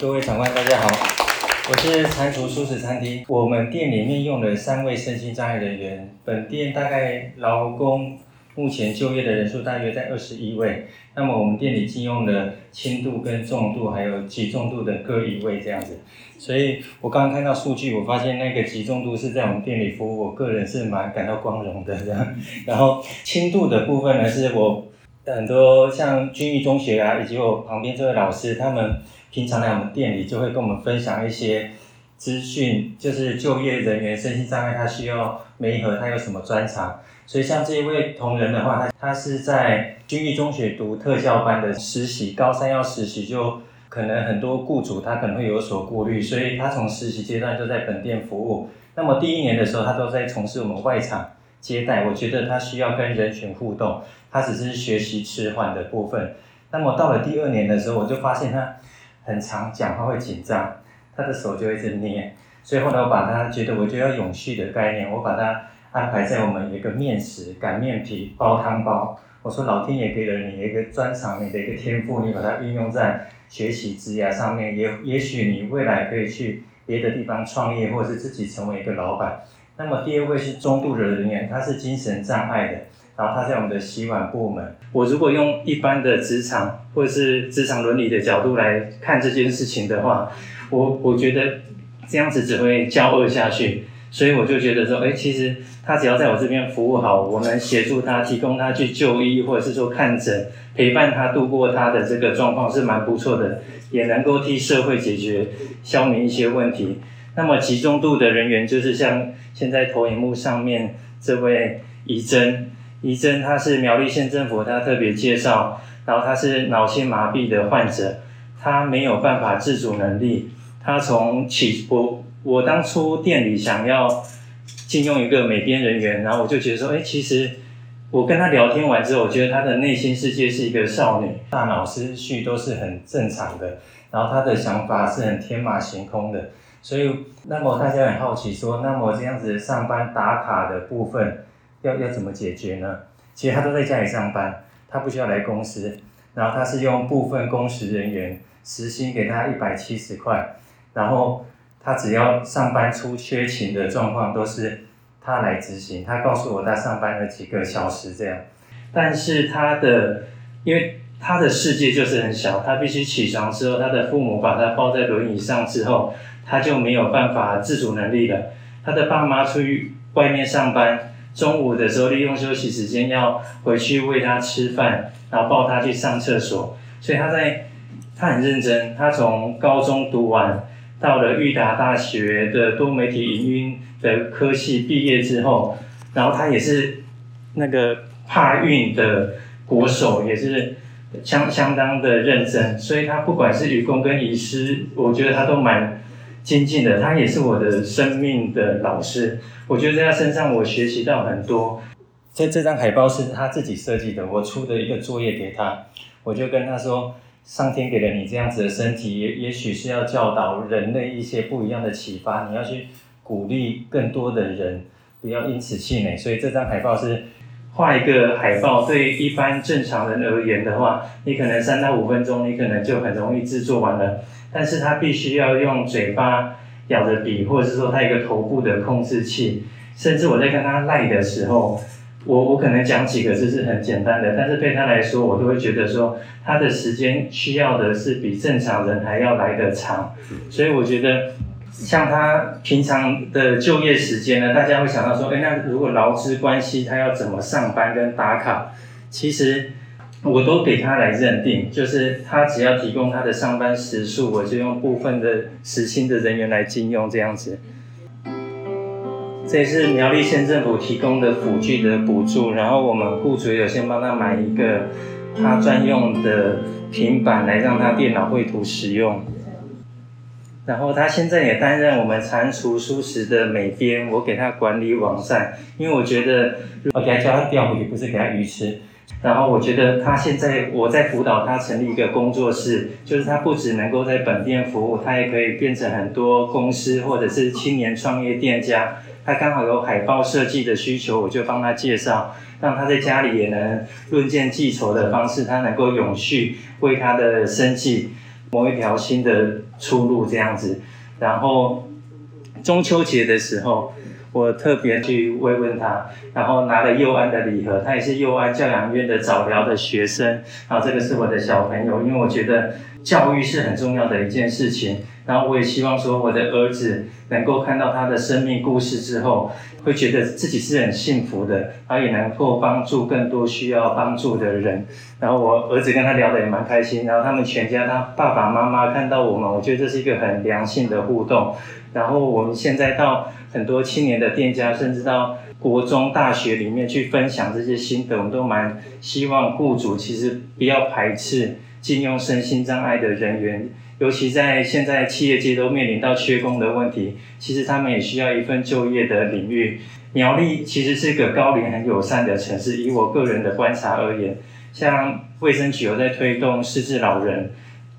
各位長官，大家好，我是蟾蜍素食餐廳。我們店裡面用了三位身心障礙人員，本店大概勞工目前就業的人數大約在二十一位。那麼我們店裡僅用了輕度跟重度還有極重度的各一位這樣子。所以我剛剛看到數據，我發現那個極重度是在我們店裡服務，我個人是蠻感到光榮的這樣。然後輕度的部分呢，是我很多像君毅中學啊，以及我旁邊這位老師他們。平常來我們店裡就會跟我們分享一些資訊，就是就業人員身心障礙，他需要媒合，他有什麼專長。所以像這一位同仁的話，他他是在軍藝中學讀特教班的實習，高三要實習，就可能很多僱主他可能會有所顧慮，所以他從實習階段就在本店服務。那麼第一年的時候，他都在從事我們外場接待，我覺得他需要跟人群互動，他只是學習遲緩的部分。那麼到了第二年的時候，我就發現他。很常講話會緊張，他的手就一直捏，所以後來我把他覺得我就要永續的概念，我把他安排在我們一個面食擀麵皮煲湯包。我說，老天爺給了你一個專長，你的一個天賦，你把它運用在學習職涯上面，也也許你未來可以去別的地方創業，或者是自己成為一個老闆。那麼第二位是中度的人員，他是精神障礙的。然後他在我們的洗碗部門，我如果用一般的職場或者是職場倫理的角度來看這件事情的話，我我覺得這樣子只會交惡下去，所以我就覺得說，誒，其實他只要在我這邊服務好，我能協助他提供他去就醫或者是說看診，陪伴他度過他的這個狀況是蠻不錯的，也能夠替社會解決消弭一些問題。那麼集中度的人員就是像現在投影幕上面這位儀珍。醫生，他是苗栗縣政府，他特別介紹，然後他是腦性麻痹的患者，他沒有辦法自主能力。他從起，我我當初店裡想要聘用一個美編人員，然後我就覺得說，哎、欸，其實我跟他聊天完之後，我覺得他的內心世界是一個少女，大腦思緒都是很正常的，然後他的想法是很天馬行空的。所以，那麼大家很好奇說，那麼這樣子上班打卡的部分。要要怎麼解決呢？其實他都在家裡上班，他不需要來公司。然後他是用部分工時人員時薪給他一百七十塊，然後他只要上班出缺勤的狀況都是他來執行。他告訴我他上班了幾個小時這樣，但是他的，因為他的世界就是很小，他必須起床之後，他的父母把他抱在輪椅上之後，他就沒有辦法自主能力了。他的爸媽出去外面上班。中午的時候，利用休息時間要回去餵他吃飯，然後抱他去上廁所。所以他在，他很認真。他從高中讀完，到了裕達大學的多媒體營運的科系畢業之後，然後他也是那個帕運的國手，也是相相當的認真。所以，他不管是愚公跟移師，我覺得他都蠻。親近的，他也是我的生命的老師。我覺得在他身上，我學習到很多。在這張海報是他自己設計的，我出的一個作業給他。我就跟他說：“上天給了你這樣子的身體，也也許是要教導人類一些不一樣的啟發。你要去鼓勵更多的人，不要因此氣餒。”所以這張海報是。畫一個海報，對一般正常人而言的話，你可能三到五分鐘，你可能就很容易製作完了。但是他必須要用嘴巴咬着筆，或者是說他一個頭部的控制器。甚至我在跟他賴的時候，我我可能講幾個字是很簡單的，但是對他來說，我都會覺得說他的時間需要的是比正常人還要來得長。所以我覺得。像他平常的就業時間呢，大家會想到說，哎、欸，那如果勞資關係，他要怎麼上班跟打卡？其實我都給他來認定，就是他只要提供他的上班時數，我就用部分的時薪的人員來聘用這樣子。這是苗栗縣政府提供的輔具的補助，然後我們僱主有先幫他買一個他專用的平板來讓他電腦繪圖使用。然後他現在也擔任我們蟾蜍書食的美編，我給他管理網站，因為我覺得，我給他教他釣魚，不是給他魚吃。然後我覺得他現在我在輔導他成立一個工作室，就是他不只能夠在本店服務，他也可以變成很多公司或者是青年創業店家。他剛好有海報設計的需求，我就幫他介紹，讓他在家裡也能論件計酬的方式，他能夠永續為他的生計，某一條新的出路這樣子，然後中秋節的時候，我特別去慰問他，然後拿了幼安的禮盒，他也是幼安教養院的早療的學生，然後這個是我的小朋友，因為我覺得，教育是很重要的一件事情，然後我也希望說我的兒子能夠看到他的生命故事之後，會覺得自己是很幸福的，他也能夠幫助更多需要幫助的人。然後我兒子跟他聊得也蠻開心，然後他們全家他爸爸媽媽看到我們，我覺得這是一個很良性的互動。然後我們現在到很多青年的店家，甚至到國中、大學裡面去分享這些心得，我們都蠻希望僱主其實不要排斥。禁用身心障礙的人員，尤其在現在企業界都面臨到缺工的問題，其實他們也需要一份就業的領域。苗栗其實是個高齡很友善的城市，以我個人的觀察而言，像衛生局有在推動失智老人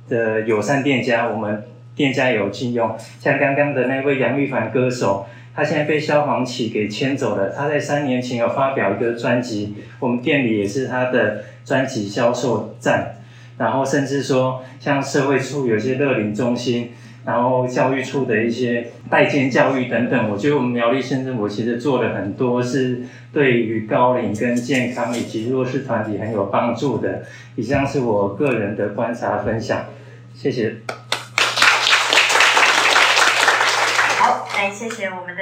的友善店家，我們店家有進用。像剛剛的那位楊玉凡歌手，他現在被消防局給牽走了。他在三年前有發表一個專輯，我們店裡也是他的專輯銷售站。然後甚至說，像社會處有些樂齡中心，然後教育處的一些代間教育等等，我覺得我們苗栗縣政府其實做了很多是對於高齡跟健康以及弱勢團體很有幫助的，以上是我個人的觀察分享，謝謝。好，來，謝謝我們的。